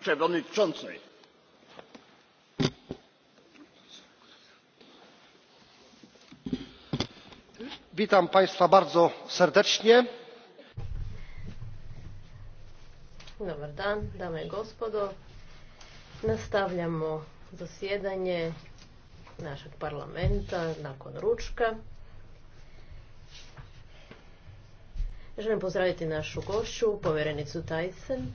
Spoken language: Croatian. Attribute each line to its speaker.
Speaker 1: przewodniczący!
Speaker 2: witam państwa bardzo serdecznie.
Speaker 3: dobar dan
Speaker 4: dame i gospodo. nastavljamo zasjedanje našeg parlamenta nakon ručka. Želim pozdraviti našu gošću, povjerenicu taisen